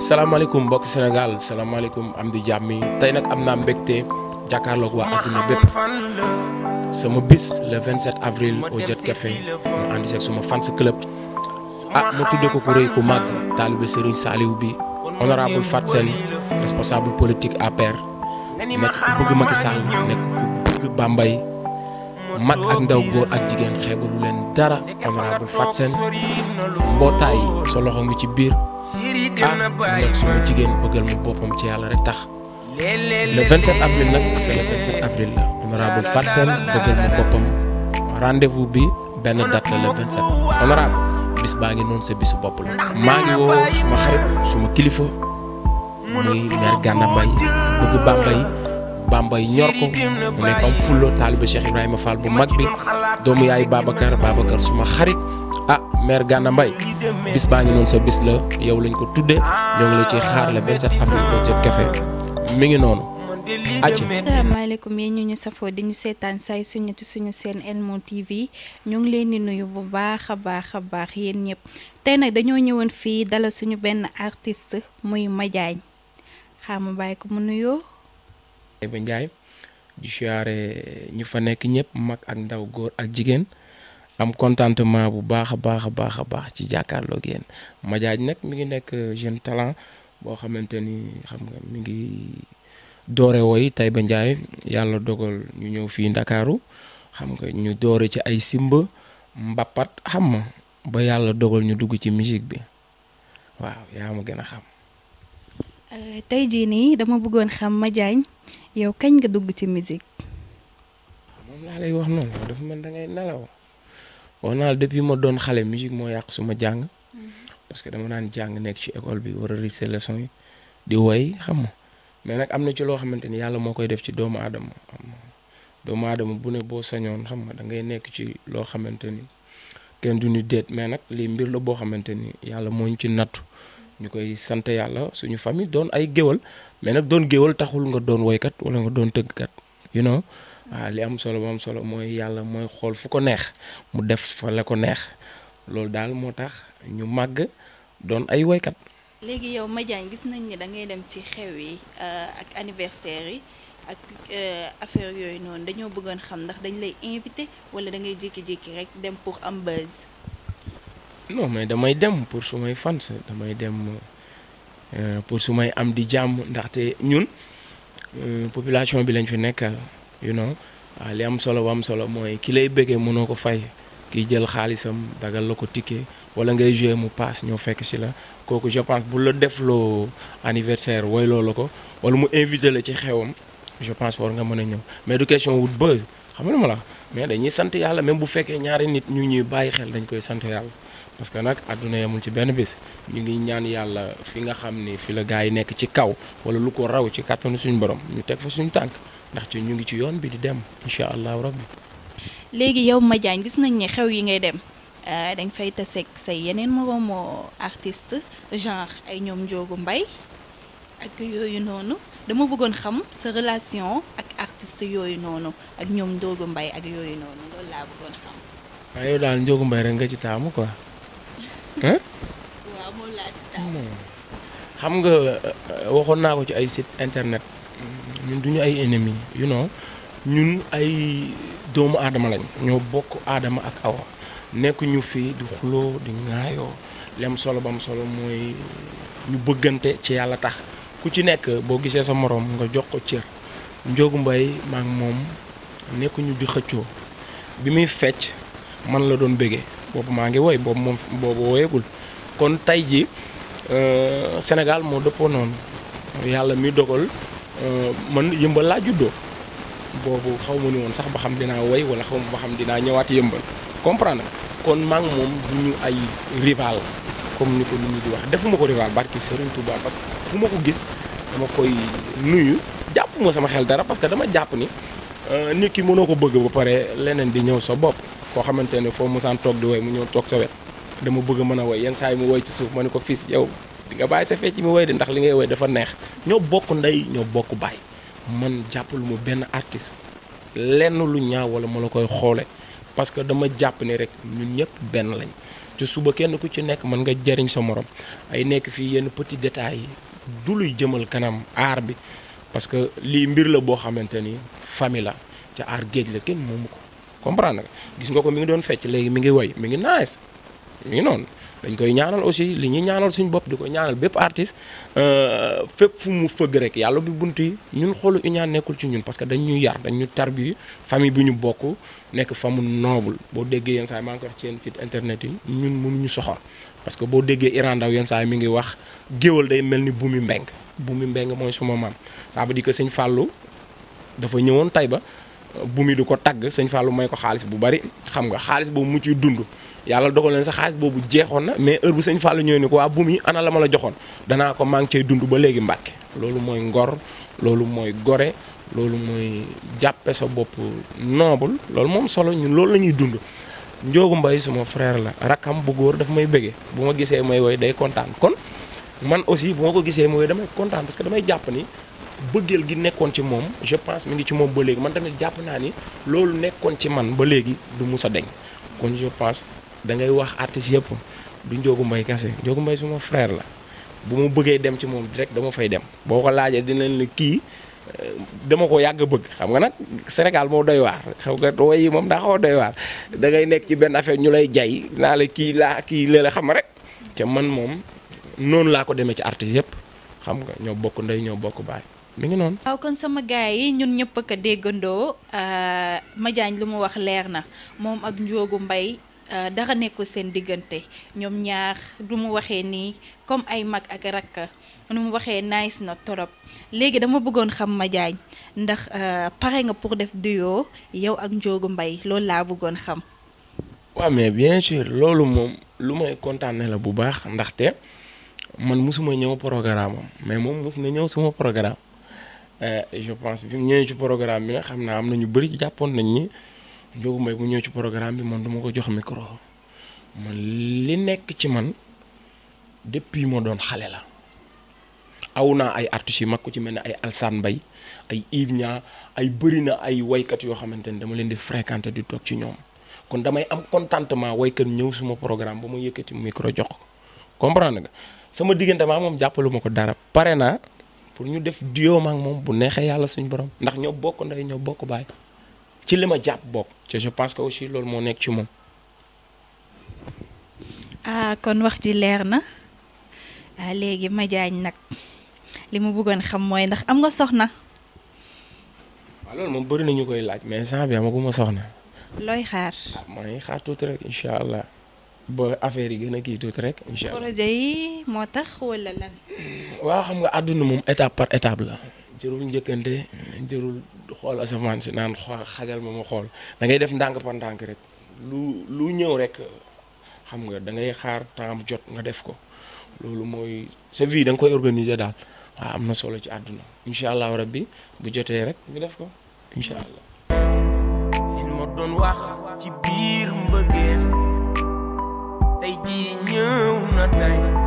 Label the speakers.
Speaker 1: salaamaaleykum mbokk Sénégal salaamaaleykum am di jàmm yi tey nag am na mbégte jàkkaarloog waa adduna bépp sama bis le 27 avril au Jet Café mu ànd seeg fans club ah ma tudde ko ku rëy ku màgg taalibe Serigne Saliou bi honorable Fat Sène responsable politique APR nekk ku bëgg Macky Sall nekk ku bëgg Bambey mag ak ndaw góor ak jigéen xeebalu leen dara honorable Fat Sène mbootaay sa loxo ngi ci biir ah nag suma jigéen bëggal ma boppam ci yàlla rek tax le 27 nag c'est le 27 avril la honorable Fat bëggal ma boppam rendez bi benn date la le 27 bis baa ngi noonu sa bisu bopp la maa ngi woo suma xarit suma kilifa muy mère Gana Mbaye bëgg Bambey Bambay ñor ko mu nekk am fullo taaliba Cheikh Ibrahima Fall bu mag bi doomu yaay Babacar Babacar suma xarit ah maire Gana Mbaye bis baa ngi noonu sa bis la yow lañ ko tuddee ñoo ngi la ciy xaar le 27 avril boo jot café mi ñu
Speaker 2: ñu safoo di ñu seetaan saay suñu ci suñu ngi leen di nuyu bu baax a baax a baax yéen ñëpp tey nag dañoo ñëwoon fii dala suñu benn artiste muy Madiagne xaama bàyyi ko mu nuyoo.
Speaker 1: ba Ndiaye di siyaare ñu fa nekk ñëpp mag ak ndaw góor ak jigéen am contentement bu baax a baax a baax a baax ci jàkkaarloog yéen Madiagne nag mi ngi nekk jeune talent boo xamante ni nga mi ngi doore woy ba njaay yàlla dogal ñu ñëw fii Ndakaaru xam nga ñu doore ci ay simba mbappat xam ma ba yàlla dogal ñu dugg ci musique bi waaw yaa ma gën a xam.
Speaker 2: Euh, tey jii nii dama bëggoon xam Madiagne yow kañ nga dugg ci musique.
Speaker 1: moom laa lay wax noonu dafa mel da ngay nelaw wax naa la depuis ma doon xale musique moo yàq suma jàng. Mm-hmm. parce que dama daan jàng nekk ci école bi war a riche yi di woy xam nga mais nag am na ci loo xamante ni yàlla moo koy def ci doomu aadama xam nga doomu aadama bu ne boo sañoon xam ma da ngay nekk ci loo xamante ni kenn du ñu déet mais nag lii mbir la boo xamante ni yàlla moo ñu ci nattu. ñu koy sant yàlla suñu famille doon ay géwal mais nag doon géwal taxul nga doon woykat wala nga doon kat yu know waaw ah, li am solo ba am solo mooy yàlla mooy xool fu ko neex mu def fa la ko neex loolu daal moo tax ñu màgg doon ay woykat.
Speaker 2: léegi yow Madiagne gis nañ ni da ngay dem ci xew yi euh, ak anniversaire yi ak euh, affaire yooyu noonu dañoo bëggoon xam ndax dañ lay invité wala da ngay jékki-jékki rek dem pour am buzz.
Speaker 1: non mais damay dem pour su may fans damay dem euh, pour su may am di jàmm ndaxte ñun euh, population bi lañ fi nekkal you know waaw ah, li am solo ba am solo mooy ki lay bëggee mënoo ko fay ki jël xaalisam dagal la ko ticket wala ngay joué mu paas ñoo fekk si la kooku je pense bu la defloo anniversaire woyloo la ko wala mu invité la ci xewam je pense war nga mën a ñëw mais du question wut xam nga ma la mais dañuy sant yàlla même bu fekkee ñaari nit ñu ñuy bàyyi xel dañ koy sant yàlla parce que nag àdduna yamul ci benn bés ñu ngi ñaan yàlla fi nga xam ni fi la gars yi nekk ci kaw wala lu ko raw ci kàttanu suñu borom ñu teg fa suñu tànk ndax ci ñu ngi ci yoon bi di dem incha allahu rabbi
Speaker 2: léegi yow Madiagne gis nañ ne xew yi ngay dem euh, dañ fay taseeg say yeneen moroomu artist genre ay ñoom njoogu mbay ak yooyu noonu dama bëggoon xam sa relation artistes yooyu noonu ak ñoom Ndiogu mbay ak yooyu noonu loolu laa bëggoon xam.
Speaker 1: daal Ndiogu Mbaye rek nga ci taamu quoi. waaw hmm. nga euh, waxoon naa ko ci ay site internet ñun duñu ay ennemis you know ñun ay doomu aadama lañ. ñoo bokk aadama ak awa nekk ñu fii di xuloo di ŋaayoo lem solo bam solo mooy ñu bëggante ci yàlla tax ku ci nekk boo gisee sa moroom nga jox ko cër. Ndiogou Mbaye maak moom nekkuñu di xëccoo bi muy fecc man la doon bëggee boobu maa ngi woy boobu moom boobu woyagul kon tey ji euh, senegal moo dëppoo noonu yàlla mi dogal euh, man yëmbal laa juddoo boobu xaw ma ni woon sax ba xam dinaa woy wala xaw ma ba xam dinaa ñëwaat yëmbal comprendre kon maa moom du ñu ay rival comme ni ko nit ñi di wax defuma ko rival barki Serigne Touba parce que fu ko gis dama koy nuyu moo sama xel dara parce que dama jàpp ni euh, nit ki mënoo ko bëgg ba pare leneen di ñëw sa bopp koo xamante ne foo musaan toog di woy mu ñëw toog sa wet dama bëgg mën a woy yenn saa yi mu woy ci suuf ma ne ko fils yow nga bàyyi sa fecc mi woy di ndax li ngay woy dafa neex ñoo bokk ndey ñoo bokk baay man jàppalu mu benn artiste lenn lu ñaaw wala ma la koy xoole parce que dama jàpp ne rek ñun ñëpp benn lañ te suba kenn ku ci nekk mën nga jariñ sa moroom ay nekk fii yenn petit détails yi du luy jëmal kanam aar bi parce que lii mbir la boo xamante ni famille la ca aar géej la kenn moomu ko comprendre gis nga ko mu ngi doon fecc léegi mi ngi woy mi ngi nice mi ngi noonu dañ koy ñaanal aussi li ñuy ñaanal suñ bopp di ko ñaanal bépp artiste euh, fépp fu mu fëgg rek yàlla bi bunt yi ñun xoolu uñaan nekkul ci ñun parce que dañ ñu yar dañ ñu tarbi famille bu ñu bokk nekk famu noobul boo déggee yenn saa maa ngi koy wax ci yenn site internet yi ñun mënuñu soxor parce que boo déggee Iran Ndaw yenn saa yi mi ngi wax géwal day mel ni Boumy Mbengue Boumy Mbengue mooy suma maam ça veut dire que sëñ Fallou dafa ñëwoon Taïba Boumy du ko tagg sëñ Fallou may ko xaalis bu bari xam nga xaalis boobu mu ciy dund yàlla dogal leen sa xaalis boobu jeexoon na mais heure bu sëñ Fallou ñëwee ni ko waa Boumy ana la ma la joxoon danaa ko maa ngi dund ba léegi Mbàkke loolu mooy ngor loolu mooy gore loolu mooy jàppe sa bopp noobul loolu moom solo loolu la ñuy dund Njoogu Mbay suma frère la rakkam bu góor dafa may bëggee bu ma gisee may woy day kontaan kon man aussi bu ma ko gisee may woy damay kontaan parce que damay jàpp ni bëggeel gi nekkoon ci moom je pense mu ngi ci moom ba léegi man tamit jàpp naa ni loolu nekkoon ci man ba léegi du musa a deñ kon je pense da ngay wax artistes yëpp du Njoogu Mbay kase Njoogu Mbay suma frère la bu mu bëggee dem ci moom direct dama fay dem boo ko laajee dinañ la kii dama ko yàgg bëgg xam nga nag Sénégal moo doy waar xam nga way yi moom daa xaw doy waar dangay nekk ci benn affaire ñu lay jay naa la kii laa kii la xam xam rek te man moom noonu laa ko demee ci artistes yëpp xam nga ñoo bokk ndey ñoo bokk baay mi ngi noonu.
Speaker 2: waaw kon sama gars yi ñun ñëpp a ko déggandoo euh, Madiagne lu mu wax leer na moom ak Ndiogou Mbaye euh, dara nekkul seen diggante ñoom ñaar lu mu waxee nii comme ay mag ak rakk. nu mu waxee nice na torop léegi dama bëggoon xam ma Madiagne ndax euh, pare nga pour def duo yow ak Ndiogou mbay loolu laa bëggoon xam.
Speaker 1: waaw mais bien sûr loolu moom lu may kontaane la bu baax ndaxte man mosuma ñëw programme am mais moom mos na ñëw suma programme euh, je pense bi mu programme bi nag xam naa am na ñu bëri jàppoon nañ ni Ndiogou Mbaye ñëw ci programme bi man duma ko jox micro man li nekk ci man depuis ma doon xale la. aw naa ay artistes yu mag ku ci mel ni ay Alsaan Mbay ay Yves Nia ay bëri na ay waykat yoo xamante ne dama leen di fréquenter di toog ci ñoom kon damay am contentement waykat ñëw suma programme ba ma yëkkati micro jox ko comprendre sama diggante maa moom jàppalu ko dara pare naa pour ñu def duo ak moom bu neexee yàlla suñu borom ndax ñoo bokk ndey ñoo bokk baay ci li ma jàpp bokk te je pense que aussi loolu moo nekk ci
Speaker 2: ah, leer na ah, léegi ma jaañ nag. li ma bëggoon xam mooy ndax am nga soxna.
Speaker 1: waaw loolu moom bëri nañu koy laaj mais sans bi amaguma soxna.
Speaker 2: looy xaar. ah
Speaker 1: maa ngi xaar tout rek incha allah boo affaire yi gën a kii tuuti rek. incha allah
Speaker 2: projet yi moo tax wala lan.
Speaker 1: waaw xam nga àdduna moom étape par étape la. jërul njëkkante jërul xool asamaan si naan xool xajal ma mu xool da ngay def ndànk par ndànk rek lu lu ñëw rek xam nga da ngay xaar temps jot nga def ko loolu mooy sa vie da nga koy organiser daal. waaw ah, am na solo ci àdduna incha allahu rabbi bu jotee rek ñu def ko incha allah. ma doon wax ci biir mbëggeel tey jii ñëw na tey.